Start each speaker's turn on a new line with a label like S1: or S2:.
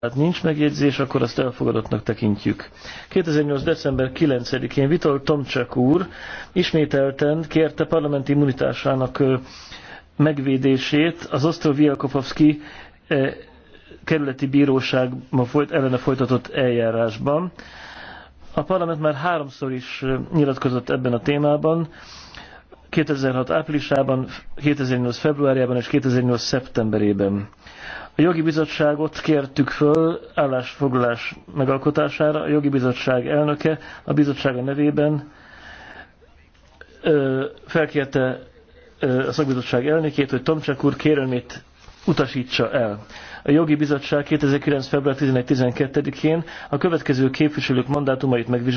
S1: Tehát nincs megjegyzés, akkor azt elfogadottnak tekintjük. 2008. december 9-én Vital Tomcsak úr ismételten kérte parlamenti immunitásának megvédését az Osztroviakopovszki kerületi bíróságban folyt, ellene folytatott eljárásban. A parlament már háromszor is nyilatkozott ebben a témában, 2006 áprilisában, 2008 februárjában és 2008 szeptemberében. A jogi bizottságot kértük föl állásfoglalás megalkotására. A jogi bizottság elnöke a bizottsága nevében felkérte a szakbizottság elnökét, hogy Tomcsak úr kérelmét utasítsa el. A jogi bizottság 2009. február 11-12-én a következő képviselők mandátumait megvizsgálta,